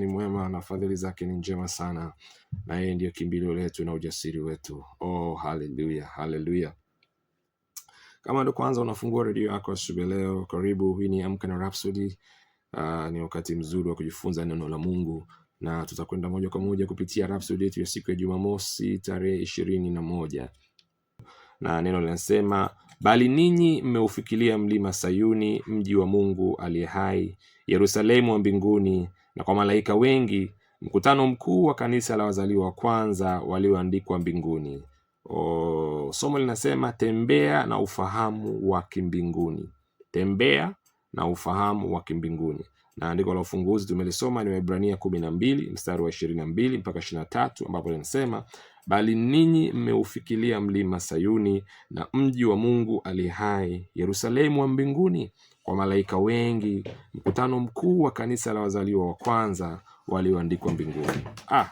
ni mwema na fadhili zake ni njema sana, na yeye ndiyo kimbilio letu na ujasiri wetu. Oh, haleluya, haleluya. Kama ndo kwanza unafungua redio yako asubuhi leo, karibu. Hii ni Amka na Rhapsody. Uh, ni wakati mzuri wa kujifunza neno la Mungu na tutakwenda moja kwa moja kupitia Rhapsody yetu ya siku ya Jumamosi tarehe ishirini na moja na neno linasema bali ninyi mmeufikilia mlima Sayuni, mji wa Mungu aliye hai, Yerusalemu wa mbinguni, na kwa malaika wengi, mkutano mkuu wa kanisa la wazaliwa wa kwanza walioandikwa mbinguni. O, somo linasema tembea na ufahamu wa kimbinguni, tembea na ufahamu wa kimbinguni. Na andiko la ufunguzi tumelisoma ni Waebrania kumi na mbili mstari wa ishirini na mbili mpaka ishirini na tatu ambapo linasema bali ninyi mmeufikilia mlima Sayuni na mji wa Mungu aliye hai, Yerusalemu wa mbinguni, kwa malaika wengi, mkutano mkuu wa kanisa la wazaliwa wa kwanza walioandikwa mbinguni. Ah,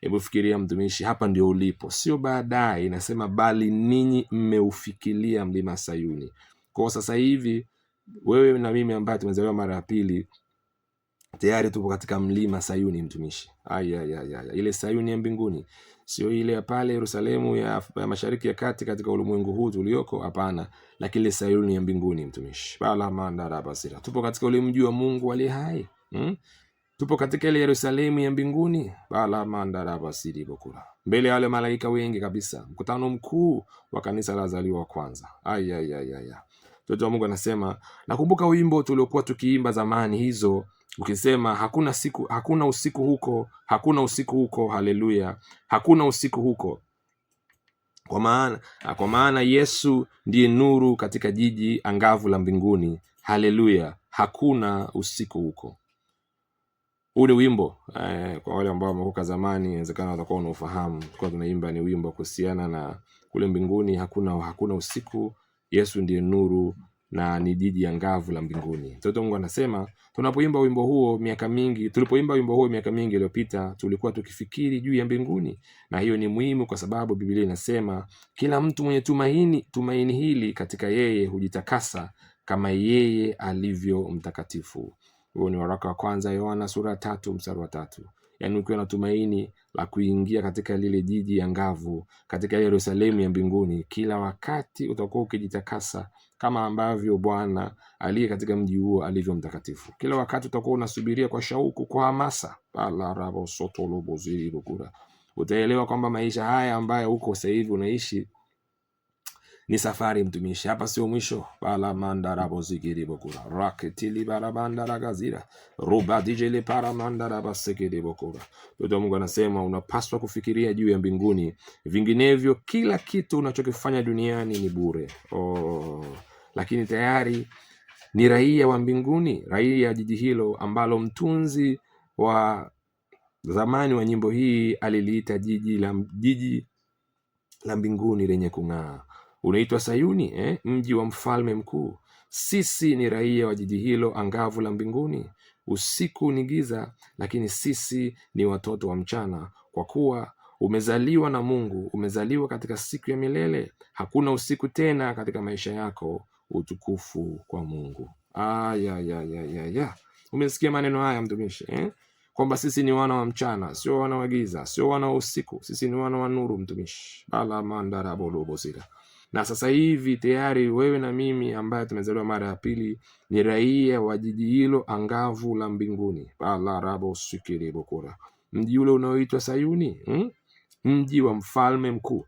hebu fikiria mtumishi, hapa ndio ulipo, sio baadaye. Inasema bali ninyi mmeufikilia mlima Sayuni. Kwa sasa hivi wewe na mimi ambaye tumezaliwa mara ya pili Tayari tupo katika mlima Sayuni mtumishi. Aya, aya, aya. Ile Sayuni ya mbinguni, sio ile ya pale Yerusalemu ya, ya mashariki ya kati katika ulimwengu huu tulioko, hapana, lakini ile Sayuni ya mbinguni mtumishi. Bala mandara basira. Tupo katika ule mji wa Mungu aliye hai. Hmm? Tupo katika ile Yerusalemu ya mbinguni. Bala mandara basiri bokura. Mbele ya wale malaika wengi kabisa. Mkutano mkuu wa kanisa la wazaliwa wa kwanza. Aya, aya, aya mtoto wa Mungu anasema, nakumbuka wimbo tuliokuwa tukiimba zamani hizo ukisema hakuna siku, hakuna usiku huko, hakuna usiku huko, haleluya, hakuna usiku huko kwa maana, kwa maana Yesu ndiye nuru katika jiji angavu la mbinguni. Haleluya, hakuna usiku huko. Huu ni wimbo eh, kwa wale ambao wamekuka zamani, inawezekana watakuwa unaufahamu. Tulikuwa tunaimba ni wimbo kuhusiana na kule mbinguni hakuna, hakuna usiku Yesu ndiye nuru na ni jiji angavu la mbinguni. Mtoto Mungu anasema tunapoimba wimbo huo miaka mingi, tulipoimba wimbo huo miaka mingi iliyopita, tulikuwa tukifikiri juu ya mbinguni, na hiyo ni muhimu kwa sababu Biblia inasema kila mtu mwenye tumaini, tumaini hili katika yeye hujitakasa kama yeye alivyo mtakatifu. Huo ni waraka wa kwanza Yohana sura ya tatu mstari wa tatu yani ukiwa na tumaini la kuingia katika lile jiji angavu, katika Yerusalemu ya mbinguni. Kila wakati utakuwa ukijitakasa kama ambavyo Bwana aliye katika mji huo alivyo mtakatifu. Kila wakati utakuwa unasubiria kwa shauku, kwa hamasa palarabosotoloboziribukura utaelewa kwamba maisha haya ambayo huko sasa hivi unaishi ni safari mtumishi, hapa sio mwisho. balamandarabozikiribokura raketilibarabandalagazira rubadijeleparamandarabasikeribokura Mtoto wa Mungu anasema unapaswa kufikiria juu ya mbinguni, vinginevyo kila kitu unachokifanya duniani ni bure. Oh, lakini tayari ni raia wa mbinguni, raia ya jiji hilo ambalo mtunzi wa zamani wa nyimbo hii aliliita jiji la, jiji la mbinguni lenye kung'aa unaitwa Sayuni eh? mji wa mfalme mkuu. Sisi ni raia wa jiji hilo angavu la mbinguni. Usiku ni giza, lakini sisi ni watoto wa mchana, kwa kuwa umezaliwa na Mungu, umezaliwa katika siku ya milele. Hakuna usiku tena katika maisha yako. Utukufu kwa Mungu. umesikia maneno haya mtumishi eh? kwamba sisi ni wana wa mchana, sio wana wa giza, sio wana wa usiku. Sisi ni wana wa nuru, mtumishi bala na sasa hivi tayari wewe na mimi ambaye tumezaliwa mara ya pili ni raia wa jiji hilo angavu la mbinguni palarabosikirebokora mji ule unaoitwa Sayuni hmm? mji wa mfalme mkuu.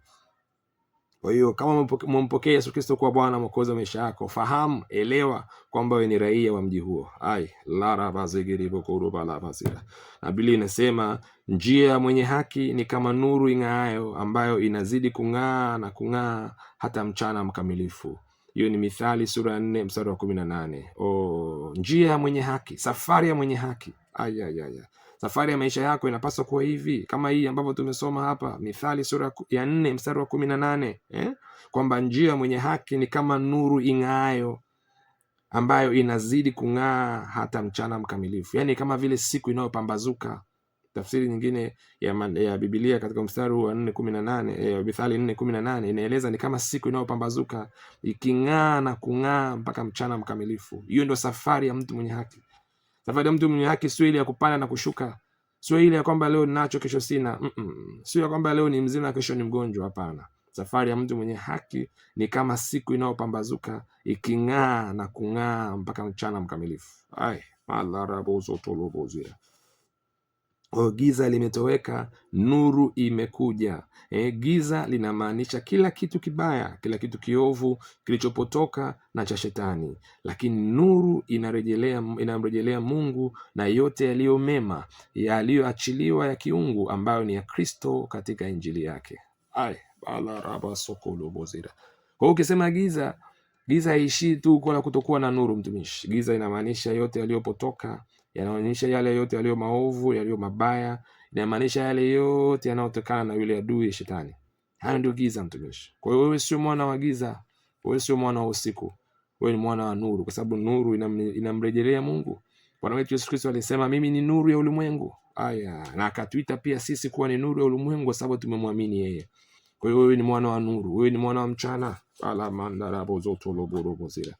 Kwa hiyo kama umempokea Yesu Kristo kuwa Bwana mwokozi wa maisha yako, fahamu, elewa kwamba wewe ni raia wa mji huo. ai larabazigiribokorubalabazira na Biblia inasema njia ya mwenye haki ni kama nuru ing'aayo, ambayo inazidi kung'aa na kung'aa hata mchana mkamilifu hiyo ni Mithali sura ya nne mstari wa kumi na nane. Oh, njia ya mwenye haki, safari ya mwenye haki ayayaya safari ya maisha yako inapaswa kuwa hivi kama hii ambavyo tumesoma hapa Mithali sura ya nne mstari wa kumi na nane eh? kwamba njia ya mwenye haki ni kama nuru ing'aayo ambayo inazidi kung'aa hata mchana mkamilifu, yaani kama vile siku inayopambazuka. Tafsiri nyingine ya, man, ya Biblia katika mstari wa nne kumi na nane e, Mithali nne kumi na nane inaeleza ni kama siku inayopambazuka iking'aa na kung'aa mpaka mchana mkamilifu. Hiyo ndio safari ya mtu mwenye haki. Safari ya mtu mwenye haki sio ile ya kupanda na kushuka, sio ile ya kwamba leo ninacho kesho sina mm -mm. Sio ya kwamba leo ni mzima kesho ni mgonjwa. Hapana, safari ya mtu mwenye haki ni kama siku inayopambazuka iking'aa na kung'aa mpaka mchana mkamilifu. Ai, Ay, O, giza limetoweka, nuru imekuja. E, giza linamaanisha kila kitu kibaya, kila kitu kiovu kilichopotoka na cha Shetani, lakini nuru inarejelea inamrejelea Mungu na yote yaliyo mema yaliyoachiliwa ya kiungu ambayo ni ya Kristo katika injili yake. Kwa ukisema giza, giza haishii tu kwa kutokuwa na nuru, mtumishi. Giza inamaanisha yote yaliyopotoka yanaonyesha yale yote yaliyo maovu, yaliyo mabaya, inamaanisha yale yote yanayotokana na yule adui ya Shetani. Hayo ndio giza, mtumishi. Kwa hiyo wewe sio mwana wa giza, wewe sio mwana wa usiku, wewe ni mwana wa nuru, kwa sababu nuru inamrejelea Mungu. Bwana wetu Yesu Kristo alisema mimi ni nuru ya ulimwengu. Aya, na akatuita pia sisi kuwa ni nuru ya ulimwengu kwa sababu tumemwamini yeye. Kwa hiyo wewe ni mwana wa nuru, wewe ni mwana wa mchana. ala mandara bozotoloborobosia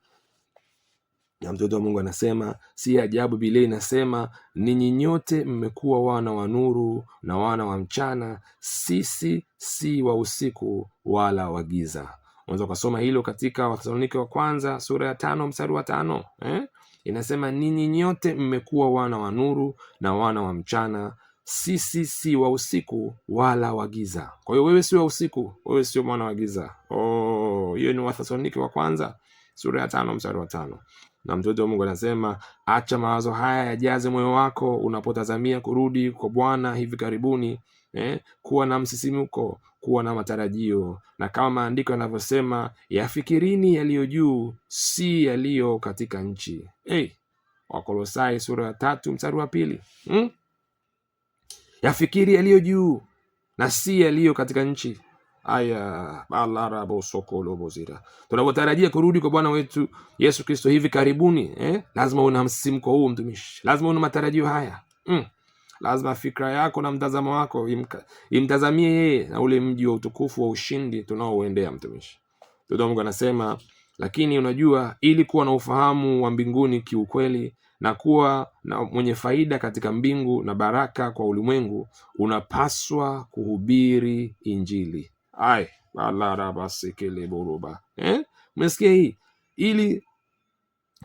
na mtoto wa Mungu anasema, si ajabu Biblia inasema ninyi nyote mmekuwa wana wa nuru na wana wa mchana, sisi si wa usiku wala wa giza. Unaweza ukasoma hilo katika Wathesalonike wa kwanza sura ya tano mstari wa tano eh? Inasema ninyi nyote mmekuwa wana wa nuru na wana wa mchana, sisi si wa usiku wala wa giza. Kwa hiyo wewe si wa usiku, wewe sio mwana wa giza. Oh, hiyo ni Wathesalonike wa kwanza sura ya tano mstari wa tano na mtoto wa Mungu anasema, acha mawazo haya yajaze moyo wako unapotazamia kurudi kwa Bwana hivi karibuni. Eh, kuwa na msisimko, kuwa na matarajio, na kama maandiko yanavyosema, yafikirini yaliyo juu, si yaliyo katika nchi. Hey, Wakolosai sura ya tatu mstari wa pili hmm? Yafikiri yaliyo juu na si yaliyo katika nchi. Aya, balarabo sokolo bozira. Tunavyotarajia kurudi kwa Bwana wetu Yesu Kristo hivi karibuni eh? Lazima una msimko huu mtumishi, lazima una matarajio haya mm. Lazima fikra yako na mtazamo wako imtazamie yeye na ule mji wa utukufu wa ushindi tunaouendea mtumishi. Ndio Mungu anasema, lakini unajua, ili kuwa na ufahamu wa mbinguni kiukweli na kuwa na mwenye faida katika mbingu na baraka kwa ulimwengu, unapaswa kuhubiri Injili ai alarabasikeleboroba eh? umesikia hii ili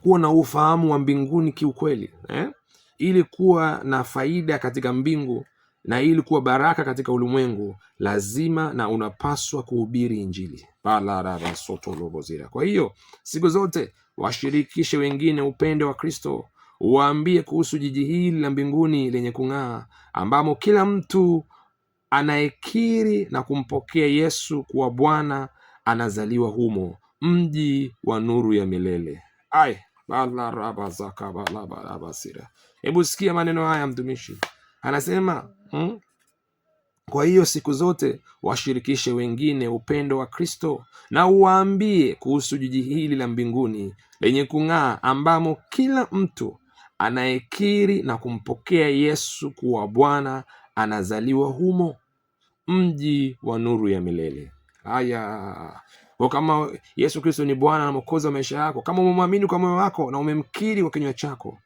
kuwa na ufahamu wa mbinguni kiukweli eh? ili kuwa na faida katika mbingu na ili kuwa baraka katika ulimwengu lazima na unapaswa kuhubiri injili balararasotolobozira kwa hiyo siku zote washirikishe wengine upendo wa kristo waambie kuhusu jiji hili la mbinguni lenye kung'aa ambamo kila mtu Anayekiri na kumpokea Yesu kuwa Bwana anazaliwa humo, mji wa nuru ya milele. Ay, hebu sikia maneno haya mtumishi anasema hmm? Kwa hiyo siku zote washirikishe wengine upendo wa Kristo na uwaambie kuhusu jiji hili la mbinguni lenye kung'aa, ambamo kila mtu anayekiri na kumpokea Yesu kuwa Bwana anazaliwa humo, mji wa nuru ya milele. Haya, kwa kama Yesu Kristo ni Bwana na Mwokozi wa maisha yako, kama umemwamini kwa moyo wako na umemkiri kwa kinywa chako,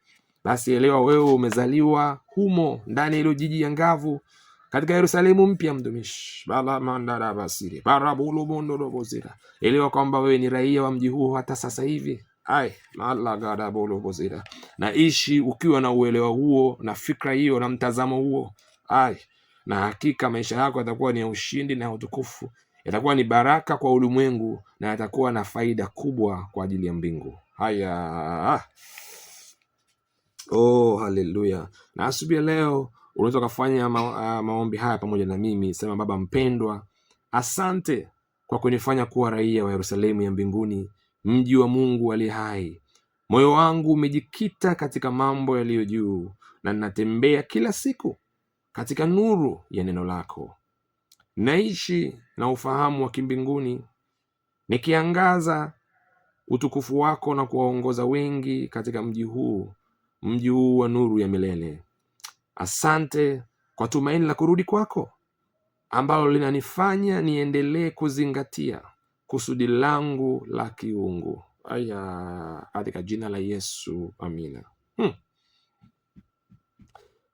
basi elewa wewe umezaliwa humo ndani ya ilo jiji angavu katika Yerusalemu mpya, mdumishi mandara basiri bara bulu mundo balamandarabasiri barabulubondolobozira. Elewa kwamba wewe ni raia wa mji huo hata sasa hivi. Ai, mala gada bulu malagadabulubozira, naishi ukiwa na uelewa huo na fikra hiyo na mtazamo huo ai, na hakika maisha yako yatakuwa ni ya ushindi na ya utukufu, yatakuwa ni baraka kwa ulimwengu na yatakuwa na faida kubwa kwa ajili ya mbingu. Haya, oh, haleluya! Na asubuhi ya leo unaweza ukafanya ma, uh, maombi haya pamoja na mimi. Sema: Baba mpendwa, asante kwa kunifanya kuwa raia wa Yerusalemu ya mbinguni, mji wa Mungu aliye hai. Moyo wangu umejikita katika mambo yaliyo juu, na ninatembea kila siku katika nuru ya neno lako. Naishi na ufahamu wa kimbinguni, nikiangaza utukufu wako na kuwaongoza wengi katika mji huu, mji huu wa nuru ya milele. Asante kwa tumaini la kurudi kwako ambalo linanifanya niendelee kuzingatia kusudi langu la kiungu. Aya, katika jina la Yesu, amina. Hmm.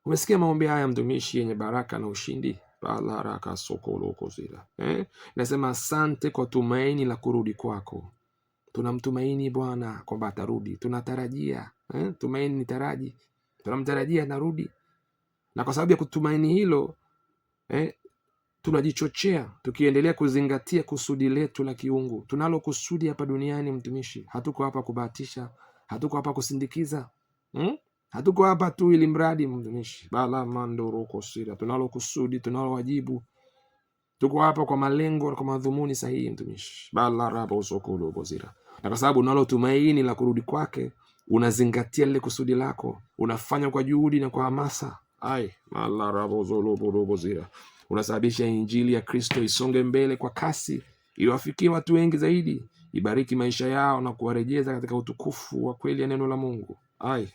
Umesikia maombi haya mtumishi, yenye baraka na ushindi palharakasokolkozira eh? Nasema asante kwa tumaini la kurudi kwako. Tunamtumaini Bwana kwamba atarudi, tunatarajia eh? Tumaini ni taraji, tunamtarajia narudi, na kwa sababu ya kutumaini hilo eh? Tunajichochea tukiendelea kuzingatia kusudi letu la kiungu. Tunalo kusudi hapa duniani mtumishi, hatuko hapa kubahatisha, hatuko hapa kusindikiza hmm? Hatuko hapa tu ili mradi mtumishi, bala mandorokosira, tunalo kusudi, tunalo wajibu. Tuko hapa kwa malengo na kwa madhumuni sahihi, mtumishi, bala rabosokolobozira, na kwa sababu unalo tumaini la kurudi kwake, unazingatia lile kusudi lako, unafanya kwa juhudi na kwa hamasa. Ai bala mala rabozolobozira, unasababisha injili ya Kristo isonge mbele kwa kasi, iwafikie watu wengi zaidi, ibariki maisha yao na kuwarejeza katika utukufu wa kweli ya neno la Mungu. Ai,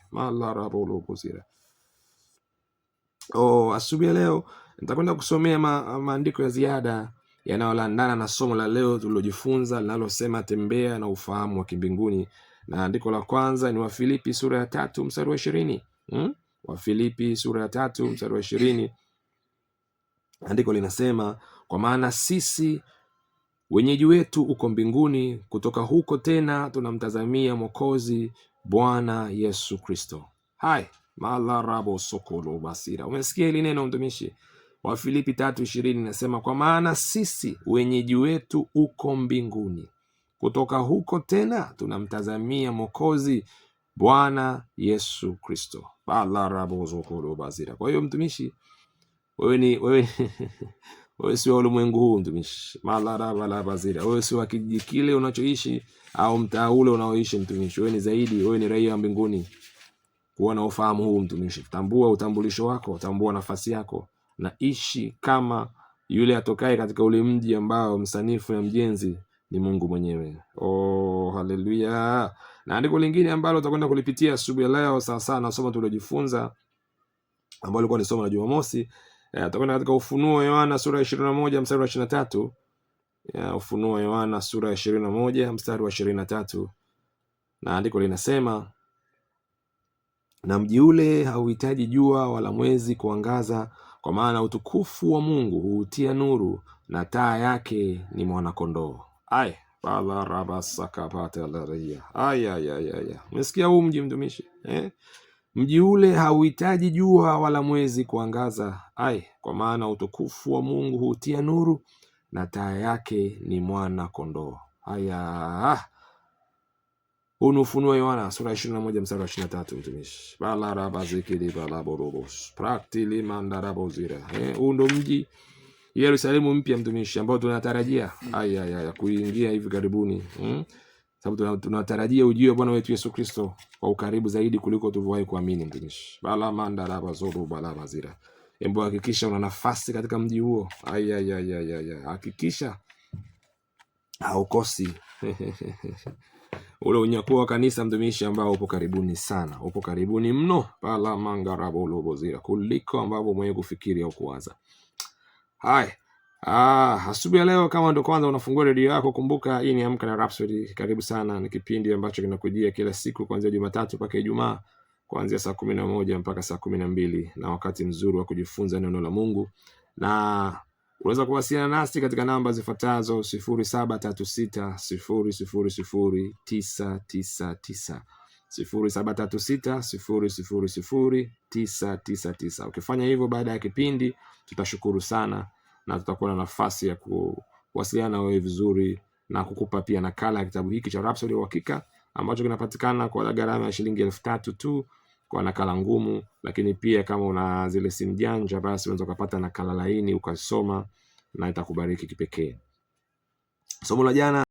oh, asubuhi ya leo nitakwenda kusomea ma, maandiko ya ziada yanayolandana na somo la leo tulilojifunza linalosema tembea na ufahamu wa kimbinguni, na andiko la kwanza ni Wafilipi sura ya tatu mstari wa ishirini hmm? Wafilipi sura ya tatu mstari wa ishirini andiko linasema kwa maana sisi wenyeji wetu uko mbinguni, kutoka huko tena tunamtazamia Mwokozi Bwana Yesu Kristo. Hai malarabo sokolo basira. Umesikia hili neno mtumishi wa Filipi tatu ishirini inasema, kwa maana sisi wenyeji wetu uko mbinguni, kutoka huko tena tunamtazamia Mwokozi Bwana Yesu Kristo. balarabo sokolo basira. Kwa hiyo mtumishi, wewe ni wewe wewe si wa ulimwengu huu mtumishi. Malarabalabazira, wewe si wa kijiji kile unachoishi au mtaa ule unaoishi mtumishi. Wewe ni zaidi, wewe ni raia wa mbinguni. Kuwa na ufahamu huu mtumishi, tambua utambulisho wako, tambua nafasi yako, na ishi kama yule atokaye katika ule mji ambao msanifu na mjenzi ni Mungu mwenyewe. Oh, haleluya! Na andiko lingine ambalo tutakwenda kulipitia asubuhi ya leo, sawasawa na somo tuliojifunza ambalo likuwa ni somo la Jumamosi Eh, Toka katika Ufunuo Yohana sura ya ishirini na moja mstari wa ishirini na tatu. Eh, ufunuo Yohana sura ya ishirini na moja mstari wa ishirini na tatu, na andiko linasema na mji ule hauhitaji jua wala mwezi kuangaza, kwa maana utukufu wa Mungu huutia nuru, na taa yake ni mwanakondoo. Ay, pala rabasakapatalaria. Ay, ay, ay, ay. Umesikia huu mji mtumishi eh? Mji ule hauhitaji jua wala mwezi kuangaza, ai, kwa maana utukufu wa Mungu hutia nuru na taa yake ni mwana kondoo. Haya, huu ni Ufunuo wa Yohana sura ishirini na moja mstari wa na tatu Mtumishi balarabazikilibalaborobosh praktilimandarabozira. Eh, huu ndo mji Yerusalemu mpya mtumishi, ambao tunatarajia ayaya kuingia hivi karibuni hmm? sababu tunatarajia ujio Bwana wetu Yesu Kristo kwa ukaribu zaidi kuliko tulivyowahi kuamini. Mtumishi balamandalabazorubalamazira, embo hakikisha una nafasi katika mji huo. Ayayayaya, hakikisha haukosi ule unyakuo wa kanisa, mtumishi, ambao upo karibuni sana, upo karibuni mno, bala manga balamangarabolobozira kuliko ambavyo mwenye kufikiri au kuwaza. Haya. Ah, asubuhi ya leo kama ndo kwanza unafungua redio yako, kumbuka hii ni Amka na Rhapsody. Karibu sana, ni kipindi ambacho kinakujia kila siku kuanzia Jumatatu mpaka Ijumaa, kuanzia saa kumi na moja mpaka saa kumi na mbili na wakati mzuri wa kujifunza neno la Mungu, na unaweza kuwasiliana nasi katika namba zifuatazo: sifuri saba tatu sita sifuri sifuri sifuri tisa tisa tisa sifuri saba tatu sita sifuri sifuri sifuri tisa tisa tisa. Ukifanya hivyo baada ya kipindi tutashukuru sana na tutakuwa na nafasi ya kuwasiliana na wewe vizuri na kukupa pia nakala ya kitabu hiki cha Rhapsody ya Uhakika ambacho kinapatikana kwa gharama ya shilingi elfu tatu tu kwa nakala ngumu, lakini pia kama una zile simu janja, basi unaweza ukapata nakala laini ukasoma na itakubariki kipekee. Somo la jana